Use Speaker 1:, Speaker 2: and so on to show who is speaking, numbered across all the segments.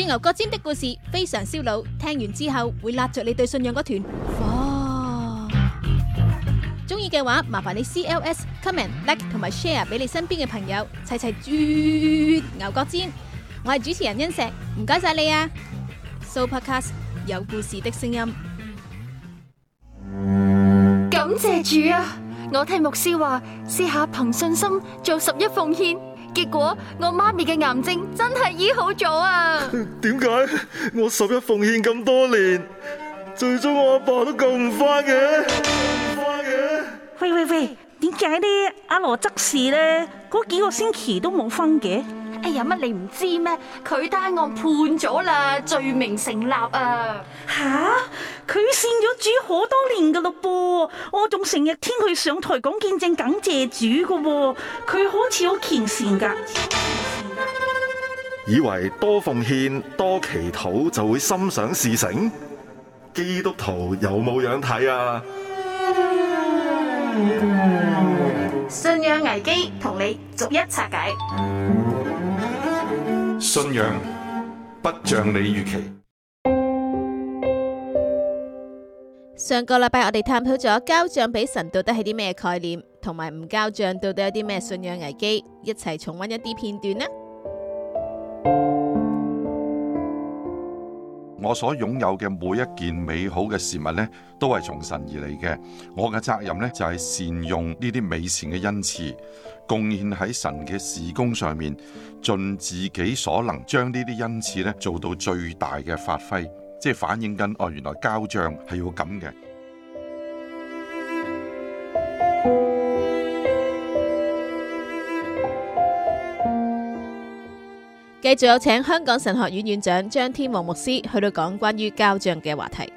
Speaker 1: 《鑽牛角尖》的故事非常燒腦，聽完之後會撻著你對信仰嗰團火。中意嘅話，麻煩你 C L S comment like 同埋 share 俾你身邊嘅朋友，齊齊鑽牛角尖。我係主持人恩石，唔該晒你啊！Sooopodcast 有故事的聲音，感謝主啊！我聽牧師話，試下
Speaker 2: 憑信心做十一奉獻。結果我媽咪嘅癌症真係醫好咗
Speaker 1: 啊！
Speaker 3: 點解我十一奉獻咁多年，最終我阿爸
Speaker 1: 都救唔翻嘅？救唔翻嘅？喂喂喂，點解呢阿羅執事呢嗰幾個星期都冇返嘅？哎呀，乜你唔知咩？佢單案判咗啦，罪名成立啊！吓！主好多年噶咯噃，我仲成日天去上台講見證感謝主噶，佢好似好虔善噶。
Speaker 3: 以為多奉獻多祈禱就會心想事成，基督徒有冇樣睇啊？
Speaker 1: 信仰危機同你逐一拆解，
Speaker 3: 信仰不像你預期。
Speaker 1: 上個禮拜我哋探討咗交賬俾神到底係啲咩概念，同埋唔交賬到底有啲咩信仰危機，一齊重溫一啲片段啦。
Speaker 3: 我所擁有嘅每一件美好嘅事物呢，都係從神而嚟嘅。我嘅責任呢，就係善用呢啲美善嘅恩賜，貢獻喺神嘅事工上面，盡自己所能將呢啲恩賜呢做到最大嘅發揮。即係反映緊哦，原來交帳係要咁
Speaker 1: 嘅。繼續有請香港神學院院長張天和牧師去到講關於交帳嘅話題。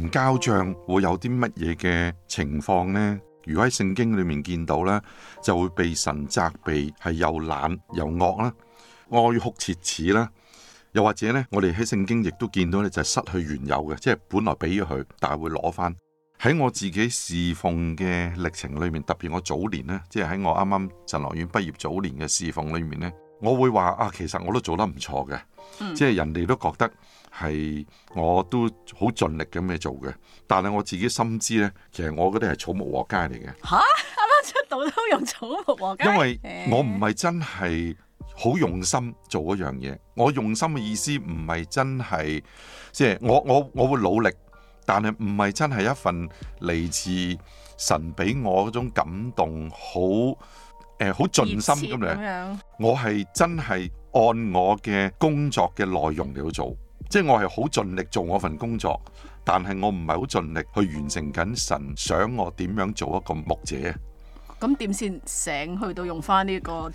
Speaker 3: 唔交賬會有啲乜嘢嘅情況呢？如果喺聖經裏面見到呢，就會被神責備，係又懶又惡啦，哀哭切齒啦，又或者呢，我哋喺聖經亦都見到呢，就係失去原有嘅，即係本來俾咗佢，但係會攞翻。喺我自己侍奉嘅歷程裏面，特別我早年呢，即係喺我啱啱神學院畢業早年嘅侍奉裏面呢。我會話啊，其實我都做得唔錯嘅，嗯、即係人哋都覺得係我都好盡力咁去做嘅，但係我自己深知呢，其實我嗰啲係草木禾稭嚟嘅。
Speaker 4: 吓、啊，啱啱出道都用草木禾稭。因為，我唔
Speaker 3: 係真係好用心做嗰樣嘢。嗯、我用心嘅意思唔係真係，即係我我我會努力，但係唔係真係一份嚟自神俾我嗰種感動好。誒好、呃、盡心咁樣，我係真係按我嘅工作嘅內容嚟到做，即、就、係、是、我係好盡力做我份工作，但係我唔係好盡力去完成緊神想我點樣做一個牧者。
Speaker 4: 咁點先醒去到用翻呢個？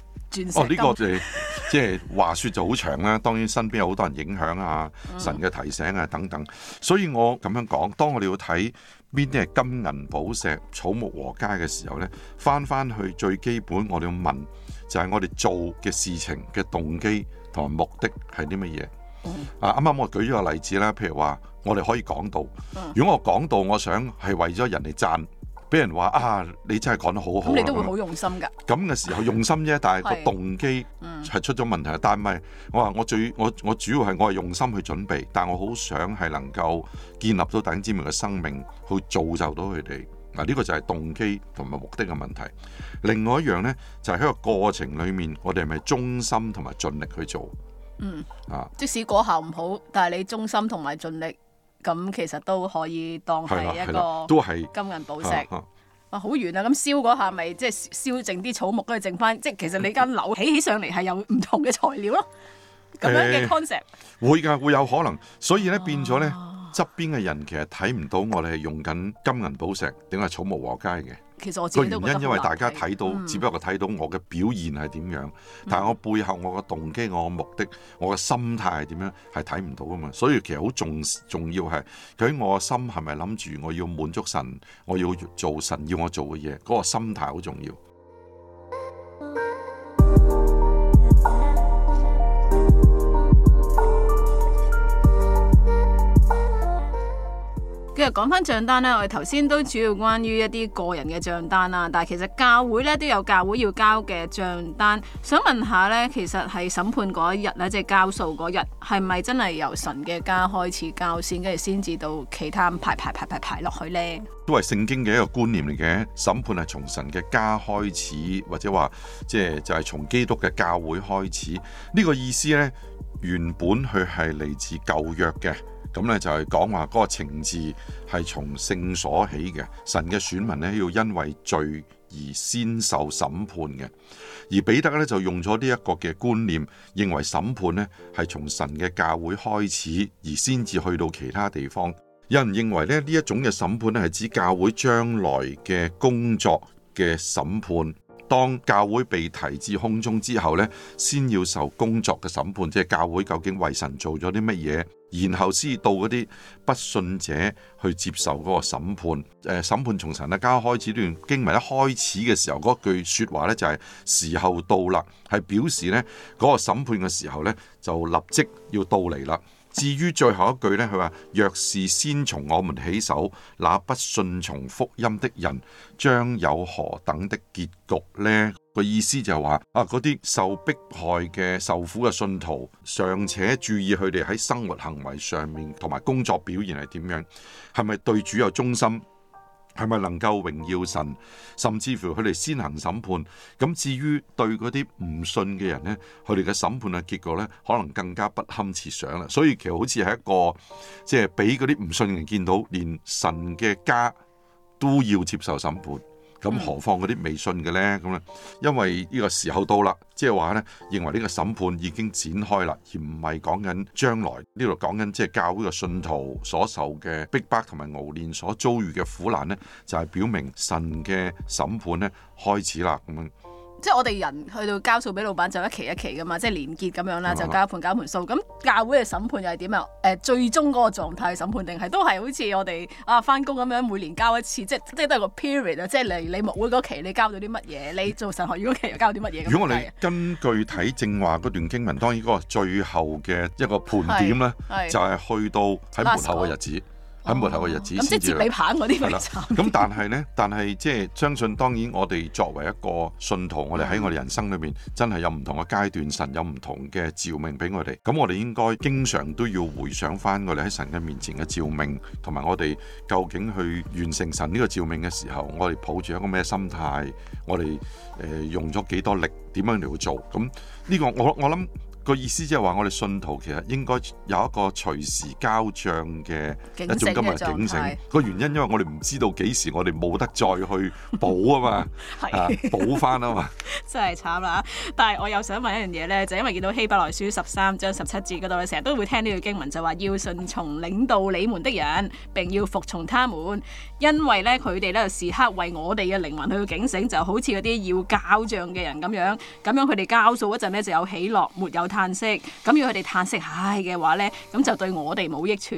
Speaker 4: 哦，呢、這個誒、就
Speaker 3: 是，即係 話説就好長啦、啊。當然身邊有好多人影響啊，神嘅提醒啊等等。所以我咁樣講，當我哋要睇。邊啲係金銀寶石、草木禾稭嘅時候呢？返返去最基本，我哋要問就係我哋做嘅事情嘅動機同埋目的係啲乜嘢？嗯、啊，啱啱我舉咗個例子啦，譬如話我哋可以講到，如果我講到我想係為咗人哋讚。俾人話啊，你真係講得好好啦！咁你都會好
Speaker 4: 用心㗎。
Speaker 3: 咁嘅時候用心啫，但係個動機係出咗問題。但係我話我最我我主要係我係用心去準備，但我好想係能夠建立到頂尖人物嘅生命，去造就到佢哋。嗱，呢個就係動機同埋目的嘅問題。另外一樣呢，就係喺個過程裡面，我哋係咪忠心同埋盡力去做？嗯，啊，
Speaker 4: 即使果效唔好，但係你忠心同埋盡力，咁其實都可以當係一個都係金銀寶石都啊！好遠啊！咁、啊啊、燒嗰下咪即係燒剩啲草木，跟住剩翻，即係其實你間樓起起上嚟係有唔同嘅材料咯。咁 樣嘅 concept、
Speaker 3: 欸、會㗎，會有可能。所以咧變咗咧側邊嘅人其實睇唔到，我哋係用緊金銀寶石，定係草木禾稭嘅？
Speaker 4: 個原因，因為大
Speaker 3: 家睇到，嗯、只不過睇到我嘅表現係點樣，但係我背後我嘅動機、我嘅目的、我嘅心態係點樣，係睇唔到啊嘛。所以其實好重重要係，究竟我個心係咪諗住我要滿足神，我要做神要我做嘅嘢，嗰、那個心態好重要。
Speaker 4: 即係講翻賬單咧，我哋頭先都主要關於一啲個人嘅賬單啦，但係其實教會咧都有教會要交嘅賬單。想問下咧，其實係審判嗰一日，即係交數嗰日，係咪真係由神嘅家開始交先，跟住先至到其他排排排排排落去咧？
Speaker 3: 都係聖經嘅一個觀念嚟嘅，審判係從神嘅家開始，或者話即係就係從基督嘅教會開始。呢個意思咧，原本佢係嚟自舊約嘅。咁咧就係講話嗰個情字係從聖所起嘅，神嘅選民呢，要因為罪而先受審判嘅。而彼得呢，就用咗呢一個嘅觀念，認為審判呢係從神嘅教會開始，而先至去到其他地方。有人認為咧呢一種嘅審判呢，係指教會將來嘅工作嘅審判。當教會被提至空中之後咧，先要受工作嘅審判，即係教會究竟為神做咗啲乜嘢，然後先到嗰啲不信者去接受嗰個審判。誒、呃，審判從神嘅家開始，段經文一開始嘅時候嗰句說話呢，就係時候到啦，係表示呢嗰個審判嘅時候呢，就立即要到嚟啦。至於最後一句呢，佢話：「若是先從我們起手，那不信從福音的人將有何等的結局呢？」個意思就係話啊，嗰啲受迫害嘅受苦嘅信徒尚且注意佢哋喺生活行為上面同埋工作表現係點樣，係咪對主有忠心？係咪能夠榮耀神？甚至乎佢哋先行審判。咁至於對嗰啲唔信嘅人呢，佢哋嘅審判嘅結果呢，可能更加不堪設想啦。所以其實好似係一個，即係俾嗰啲唔信嘅人見到，連神嘅家都要接受審判。咁何況嗰啲未信嘅呢？咁啊，因為呢個時候到啦，即係話呢，認為呢個審判已經展開啦，而唔係講緊將來，呢度講緊即係教會嘅信徒所受嘅逼迫同埋熬煉所遭遇嘅苦難呢，就係、是、表明神嘅審判呢開始啦，咁啊。
Speaker 4: 即係我哋人去到交數俾老闆就一期一期噶嘛，即、就、係、是、連結咁樣啦，就交盤交盤數。咁教會嘅審判又係點啊？誒、呃，最終嗰個狀態審判定係都係好似我哋啊翻工咁樣，每年交一次，即係即係都係個 period 啊，即係你你牧會嗰期你交咗啲乜嘢，你做神學嗰期又交咗啲乜嘢。如果你
Speaker 3: 根據睇正話嗰段經文， 當然嗰個最後嘅一個盤點咧，是是就係去到喺門口嘅日子。喺木頭嘅日子，咁、哦、即係接你棒嗰啲咪慘。咁但係呢？但係即係相信，當然我哋作為一個信徒，我哋喺我哋人生裏面真，真係有唔同嘅階段，神有唔同嘅召命俾我哋。咁我哋應該經常都要回想翻我哋喺神嘅面前嘅召命，同埋我哋究竟去完成神呢個召命嘅時候，我哋抱住一個咩心態？我哋誒、呃、用咗幾多力？點樣嚟去做？咁呢個我我諗。個意思即係話，我哋信徒其實應該有一個隨時交帳嘅
Speaker 4: 一種今日警醒。
Speaker 3: 個原因因為我哋唔知道幾時，我哋冇得再去補啊嘛， 是啊補翻啊嘛。
Speaker 4: 真係慘啦！但係我又想問一樣嘢咧，就因為見到希伯來書十三章十七節嗰度，我成日都會聽呢句經文就，就話要順從領導你們的人，並要服從他們，因為咧佢哋咧時刻為我哋嘅靈魂去警醒，就好似嗰啲要交帳嘅人咁樣。咁樣佢哋交數嗰陣咧就有喜樂，沒有嘆息，咁要佢哋嘆息，唉嘅話咧，咁就對我哋冇益處，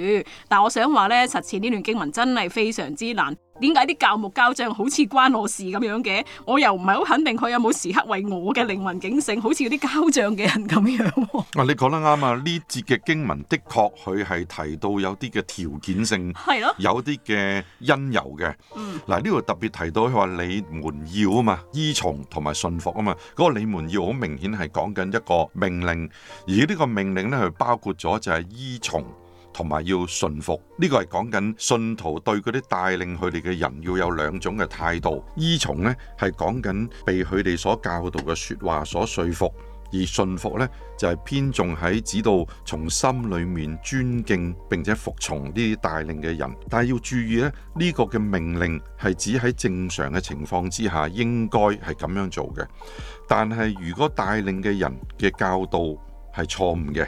Speaker 4: 但我想話咧，實踐呢段經文真係非常之難。點解啲教牧交賬好似關我事咁樣嘅？我又唔係好肯定佢有冇時刻為我嘅靈魂警醒，好似啲交賬嘅人咁樣。
Speaker 3: 啊，你講得啱啊！呢節嘅經文的確佢係提到有啲嘅條件性，係咯的，有啲嘅因由嘅。嗯，嗱呢度特別提到佢話你們要啊嘛，依從同埋信服啊嘛。嗰個你們要好明顯係講緊一個命令，而呢個命令咧佢包括咗就係依從。同埋要順服，呢個係講緊信徒對嗰啲帶領佢哋嘅人要有兩種嘅態度。依從咧係講緊被佢哋所教導嘅說話所說服，而順服咧就係偏重喺指導從心裏面尊敬並且服從呢啲帶領嘅人。但係要注意咧，呢個嘅命令係指喺正常嘅情況之下應該係咁樣做嘅。但係如果帶領嘅人嘅教導係錯誤嘅，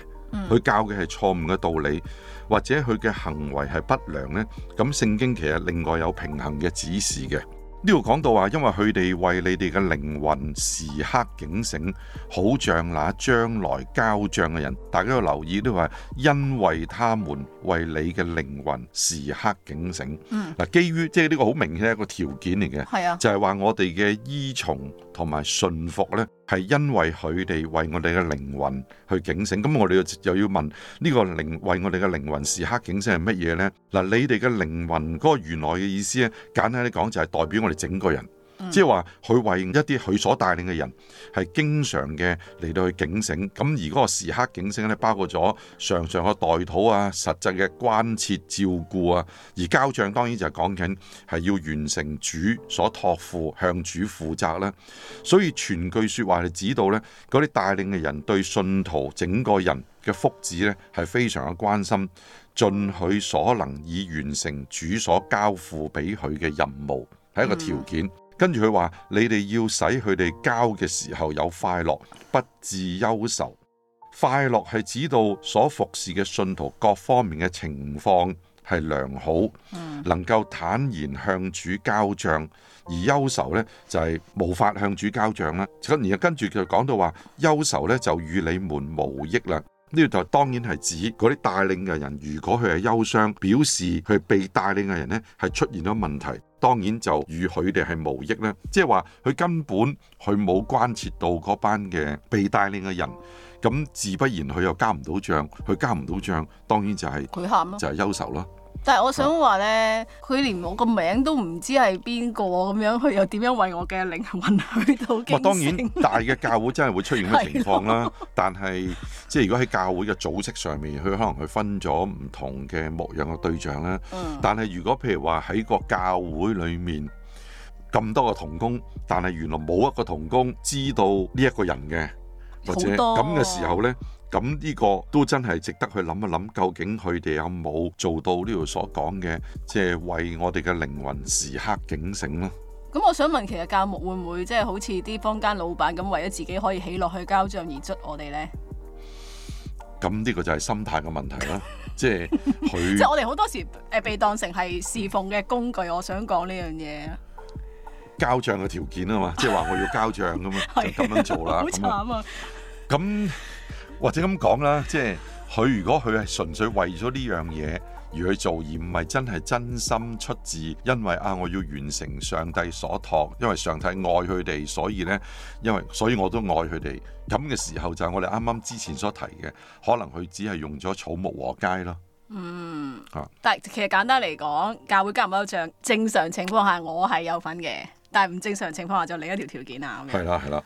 Speaker 3: 佢教嘅係錯誤嘅道理。或者佢嘅行為係不良呢，咁聖經其實另外有平衡嘅指示嘅。呢度講到話，因為佢哋為你哋嘅靈魂時刻警醒，好像那將來交帳嘅人。大家要留意，都話，因為他們為你嘅靈魂時刻警醒。嗯，嗱，基於即係呢個好明顯一個條件嚟嘅，係啊，就係話我哋嘅依從同埋信服咧。係因為佢哋為我哋嘅靈魂去警醒，咁我哋又又要問呢個靈為我哋嘅靈魂時刻警醒係乜嘢呢？嗱，你哋嘅靈魂嗰個原來嘅意思咧，簡單啲講就係代表我哋整個人。即係話佢為一啲佢所帶領嘅人係經常嘅嚟到去警醒，咁而嗰個時刻警醒咧，包括咗常常嘅代禱啊、實際嘅關切照顧啊，而交賬當然就係講緊係要完成主所託付向主負責啦。所以全句說話係指到呢嗰啲帶領嘅人對信徒整個人嘅福祉呢係非常嘅關心，盡佢所能以完成主所交付俾佢嘅任務，係一個條件。跟住佢話：你哋要使佢哋交嘅時候有快樂，不至憂愁。快樂係指到所服侍嘅信徒各方面嘅情況係良好，能夠坦然向主交賬；而憂愁呢，就係無法向主交賬啦。咁然後跟住佢就講到話，憂愁呢，就與你們無益啦。呢度當然係指嗰啲帶領嘅人，如果佢係憂傷，表示佢被帶領嘅人呢，係出現咗問題。.當然就與佢哋係無益啦。即係話，佢根本佢冇關切到嗰班嘅被帶領嘅人，咁自不然佢又交唔到帳，佢交唔到帳，當然就係佢喊咯，就係憂愁咯。
Speaker 4: 但係我想話咧，佢連我個名都唔知係邊個咁樣，佢又點樣為我嘅靈魂去到嘅？當然
Speaker 3: 大嘅教會真係會出現咩情況啦。對咯 但係即係如果喺教會嘅組織上面，佢可能佢分咗唔同嘅模樣嘅對象啦。嗯。但係如果譬如話喺個教會裡面咁多個同工，但係原來冇一個同工知道呢一個人嘅，
Speaker 1: 或者咁嘅時
Speaker 3: 候咧。咁呢個都真係值得去諗一諗，究竟佢哋有冇做到呢度所講嘅，即係為我哋嘅靈魂時刻警醒咯。
Speaker 4: 咁我想問，其實教牧會唔會即係好似啲坊間老闆咁，為咗自己可以起落去交賬而捉我哋咧？
Speaker 3: 咁呢個就係心態嘅問題啦，即係佢。即係 我
Speaker 4: 哋好多時誒，被當成係侍奉嘅工具。我想講呢樣嘢，
Speaker 3: 交賬嘅條件啊嘛，即係話我要交賬咁啊，就咁樣做啦。好慘啊！咁。或者咁講啦，即係佢如果佢係純粹為咗呢樣嘢而去做，而唔係真係真心出自，因為啊，我要完成上帝所託，因為上帝愛佢哋，所以呢，因為所以我都愛佢哋。咁嘅時候就係我哋啱啱之前所提嘅，可能佢只係用咗草木禾稭咯。嗯。
Speaker 4: 但係其實簡單嚟講，教會交唔交帳？正常情況下我係有份嘅，但係唔正常情況下就另一條條件啊咁樣。
Speaker 3: 係啦，係啦。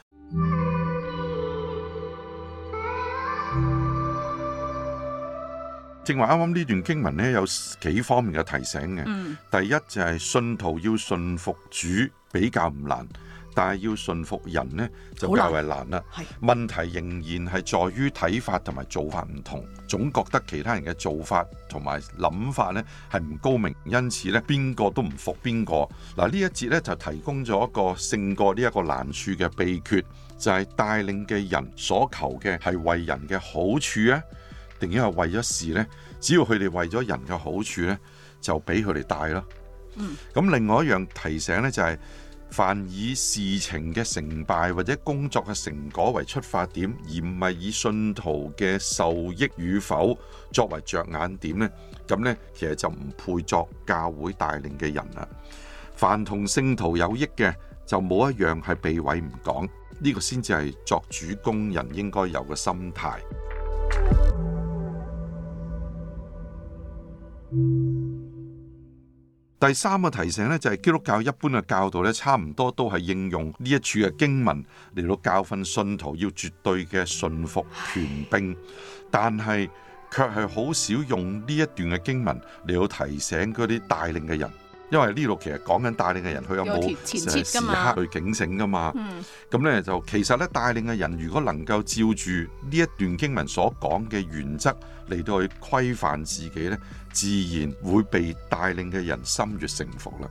Speaker 3: 正話啱啱呢段經文咧，有幾方面嘅提醒嘅。嗯、第一就係信徒要信服主比較唔難，但係要信服人呢，就較為難啦。難問題仍然係在於睇法同埋做法唔同，總覺得其他人嘅做法同埋諗法呢係唔高明，因此呢邊個都唔服邊個。嗱，呢一節咧，就提供咗一個勝過呢一個難處嘅秘訣，就係、是、帶領嘅人所求嘅係為人嘅好處啊。定咗係為咗事呢？只要佢哋為咗人嘅好處呢，就俾佢哋帶咯。咁、嗯、另外一樣提醒呢，就係、是，凡以事情嘅成敗或者工作嘅成果為出發點，而唔係以信徒嘅受益與否作為着眼點呢。咁呢，其實就唔配作教會帶領嘅人啦。凡同聖徒有益嘅，就冇一樣係避諱唔講，呢、這個先至係作主工人應該有嘅心態。第三個提醒呢，就係基督教一般嘅教導呢，差唔多都係應用呢一處嘅經文嚟到教訓信徒要絕對嘅順服權柄，但係卻係好少用呢一段嘅經文嚟到提醒嗰啲帶領嘅人。因為呢度其實講緊帶領嘅人，佢有冇時刻去警醒噶嘛？咁、嗯、呢，就其實咧帶領嘅人，如果能夠照住呢一段經文所講嘅原則嚟到去規範自己咧，自然會被帶領嘅人心悅誠服啦。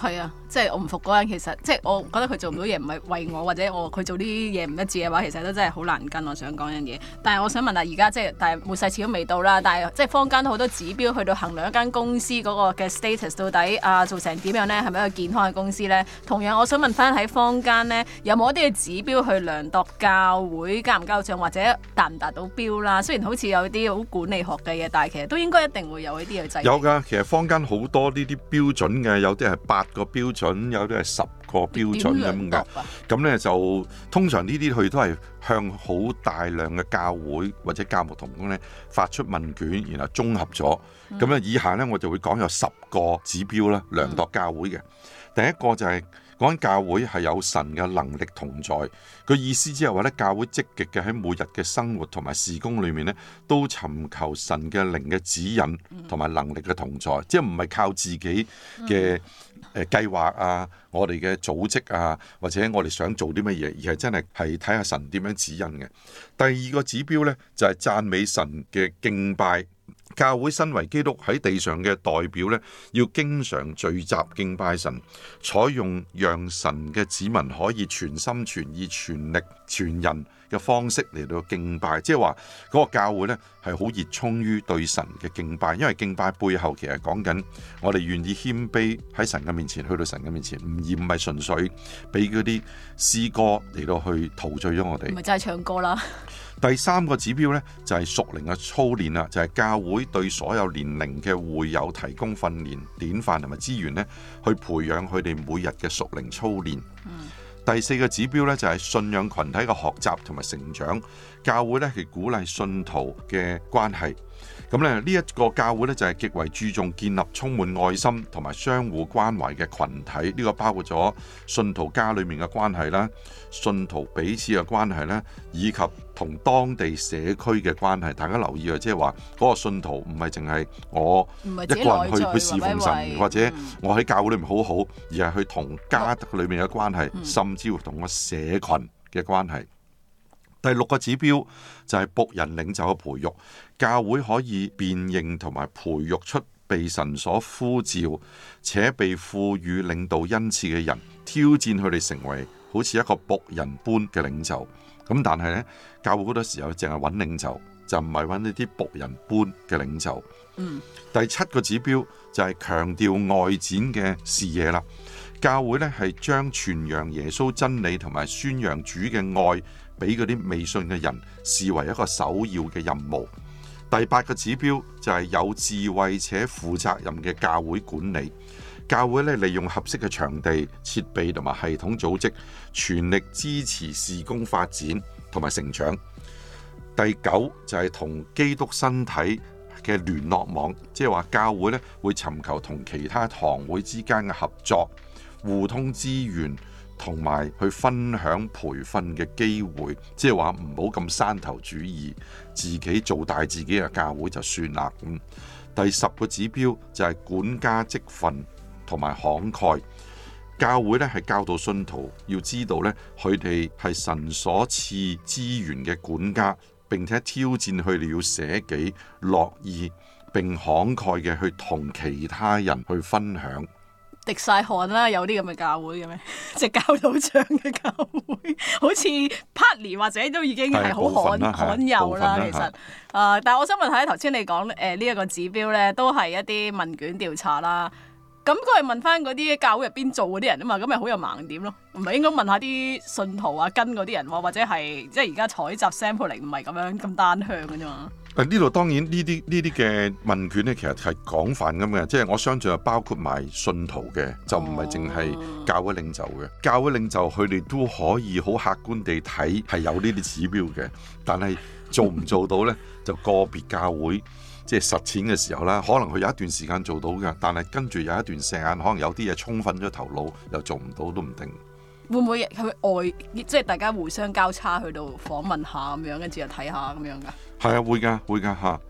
Speaker 4: 係啊，即係我唔服嗰間，其實即係我覺得佢做唔到嘢，唔係為我或者我佢做啲嘢唔一致嘅話，其實都真係好難跟。我想講樣嘢，但係我想問下，而家即係但係冇晒錢都未到啦，但係即係坊間好多指標去到衡量一間公司嗰個嘅 status 到底啊做成點樣呢？係咪一個健康嘅公司呢？同樣我想問翻喺坊間呢，有冇一啲嘅指標去量度教會交唔交帳或者達唔達到標啦？雖然好似有啲好管理學嘅嘢，但係其實都應該一定會有呢啲嘅制定的。有㗎，
Speaker 3: 其實坊間好多呢啲標準嘅，有啲係個標準有啲係十個標準咁噶，咁咧、啊、就通常呢啲去都係向好大量嘅教會或者教牧同工咧發出問卷，然後綜合咗。咁咧、嗯、以下咧我就會講有十個指標啦，量度教會嘅。嗯、第一個就係、是、講教會係有神嘅能力同在。個意思即係話咧，教會積極嘅喺每日嘅生活同埋事工裏面咧，都尋求神嘅靈嘅指引同埋能力嘅同在，即係唔係靠自己嘅。嗯計劃啊，我哋嘅組織啊，或者我哋想做啲乜嘢，而係真係睇下神點樣指引嘅。第二個指標呢，就係、是、讚美神嘅敬拜。教會身為基督喺地上嘅代表呢，要經常聚集敬拜神，採用讓神嘅子民可以全心全意、全力全人嘅方式嚟到敬拜，即係話嗰個教會咧係好熱衷於對神嘅敬拜，因為敬拜背後其實講緊我哋願意謙卑喺神嘅面前，去到神嘅面前，而唔係純粹俾嗰啲詩歌嚟到去陶醉咗我哋。咪
Speaker 4: 真係唱歌啦！
Speaker 3: 第三個指標咧就係、是、屬靈嘅操練啦，就係、是、教會對所有年齡嘅會友提供訓練典範同埋資源咧，去培養佢哋每日嘅屬靈操練。嗯第四個指標咧，就係信仰群體嘅學習同埋成長。教會咧係鼓勵信徒嘅關係，咁咧呢一個教會咧就係極為注重建立充滿愛心同埋相互關懷嘅羣體。呢個包括咗信徒家裏面嘅關係啦，信徒彼此嘅關係啦，以及同當地社區嘅關係。大家留意啊，即係話嗰個信徒唔係淨係我一個人去去侍奉神，或者我喺教會裏面好好，而係去同家裏面嘅關係，甚至乎同我社群嘅關係。第六個指標就係僕人領袖嘅培育，教會可以辨認同埋培育出被神所呼召且被賦予領導恩賜嘅人，挑戰佢哋成為好似一個僕人般嘅領袖。咁但係呢，教會好多時候淨係揾領袖，就唔係揾呢啲僕人般嘅領袖。嗯，第七個指標就係強調外展嘅視野啦。教會呢係將傳揚耶穌真理同埋宣揚主嘅愛。俾嗰啲未信嘅人視為一個首要嘅任務。第八個指標就係有智慧且負責任嘅教會管理。教會咧利用合適嘅場地、設備同埋系統組織，全力支持事工發展同埋成長。第九就係同基督身體嘅聯絡網，即係話教會咧會尋求同其他堂會之間嘅合作，互通資源。同埋去分享培訓嘅機會，即係話唔好咁山頭主義，自己做大自己嘅教會就算啦。咁、嗯、第十個指標就係管家職份同埋慷慨教會咧，係教到信徒要知道咧，佢哋係神所賜資源嘅管家，並且挑戰佢哋要捨己、樂意並慷慨嘅去同其他人去分享。
Speaker 4: 滴晒汗啦！有啲咁嘅教會嘅咩？即 係教導長嘅教會，好似 party 或者都已經係好罕罕有啦。其實，誒，但係我想問下，頭先是你講誒呢一個指標咧，都係一啲問卷調查啦。咁佢係問返嗰啲教會入邊做嗰啲人啊嘛，咁咪好有盲點咯？唔係應該問下啲信徒啊跟嗰啲人或或者係即係而家採集 sampling 唔係咁樣咁單向嘅啫嘛？
Speaker 3: 呢度當然呢啲呢啲嘅問卷呢，其實係廣泛咁嘅，即、就、係、是、我相信包括埋信徒嘅，就唔係淨係教會領袖嘅，教會領袖佢哋都可以好客觀地睇係有呢啲指標嘅，但係做唔做到呢？就個別教會即係、就是、實踐嘅時候啦，可能佢有一段時間做到嘅，但係跟住有一段時間可能有啲嘢沖昏咗頭腦，又做唔到都唔定。
Speaker 4: 會唔會去外，即係大家互相交叉去到訪問下咁樣，跟住又睇下咁樣噶？
Speaker 3: 係啊，會噶，會噶嚇。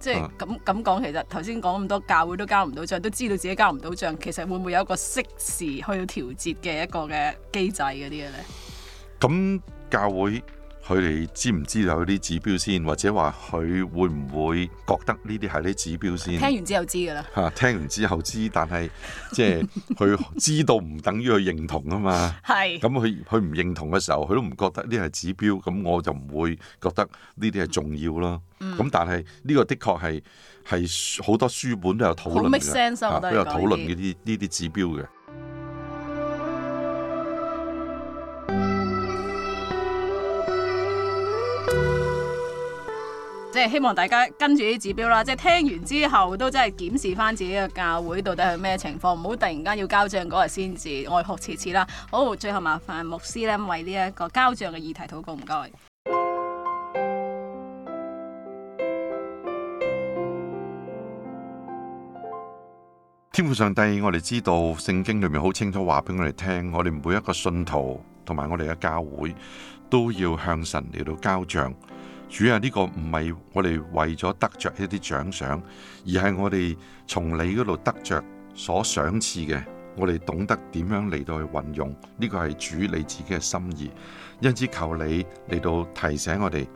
Speaker 3: 即係
Speaker 4: 咁咁講，其實頭先講咁多，教會都交唔到帳，都知道自己交唔到帳，其實會唔會有一個適時去到調節嘅一個嘅機制嗰啲嘅咧？
Speaker 3: 咁教會。佢哋知唔知道有啲指標先，或者話佢會唔會覺得呢啲係啲指標先？聽
Speaker 4: 完之後知㗎喇。
Speaker 3: 嚇，聽完之後知，但係即係佢知道唔等於佢認同啊嘛。係 是。咁佢佢唔認同嘅時候，佢都唔覺得呢係指標，咁我就唔會覺得呢啲係重要咯。嗯。咁但係呢個的確係係好多書本都有討論都有討論呢啲呢啲指標嘅。
Speaker 4: 即係希望大家跟住啲指標啦，即係聽完之後都真係檢視翻自己嘅教會到底係咩情況，唔好突然間要交賬嗰日先至愛學切切啦。好，最後麻煩牧師呢，為呢一個交賬嘅議題禱告，唔該。
Speaker 3: 天父上帝，我哋知道聖經裏面好清楚話俾我哋聽，我哋每一個信徒同埋我哋嘅教會都要向神嚟到交賬。主啊，呢個唔係我哋為咗得着一啲獎賞，而係我哋從你嗰度得着所賞賜嘅。我哋懂得點樣嚟到去運用呢個係主你自己嘅心意，因此求你嚟到提醒我哋，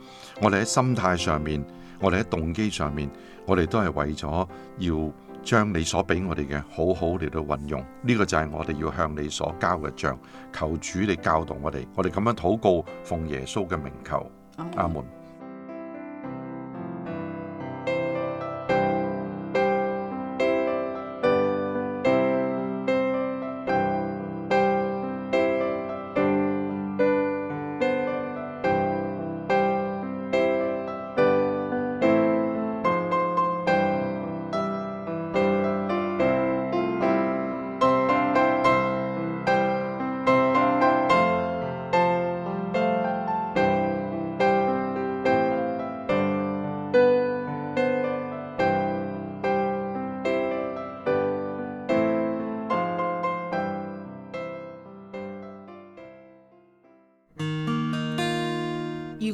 Speaker 3: 我哋喺心態上面，我哋喺動機上面，我哋都係為咗要將你所俾我哋嘅好好嚟到運用。呢個就係我哋要向你所交嘅帳。求主嚟教導我哋，我哋咁樣禱告，奉耶穌嘅名求。阿門。啊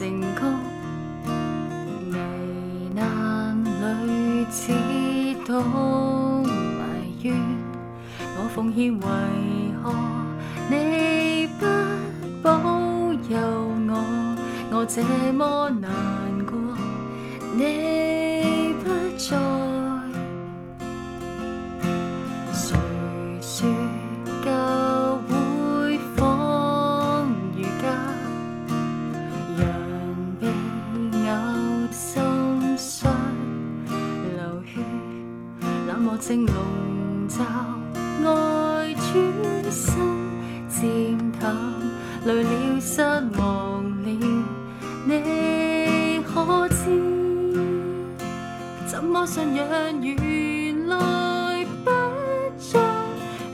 Speaker 2: 情歌，危難裏只懂埋怨。我奉獻，為何你不保佑我？我這麼難過，你。怎麼信仰原來不像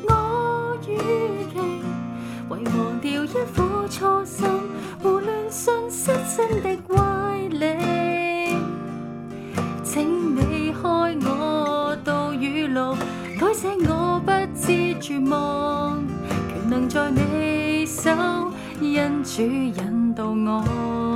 Speaker 2: 我預期，為忘掉一顆初心，胡亂信失真的歪理。請你開我道雨路，改寫我不知絕望，權能在你手，因主引導我。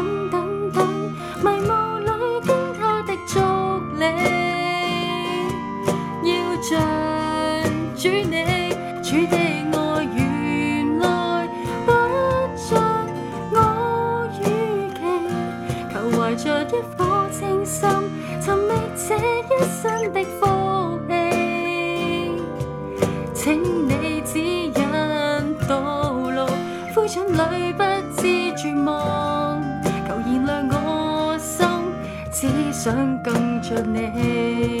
Speaker 2: 請你指引道路，灰燼裏不知絕望，求燃亮我心，只想跟着你。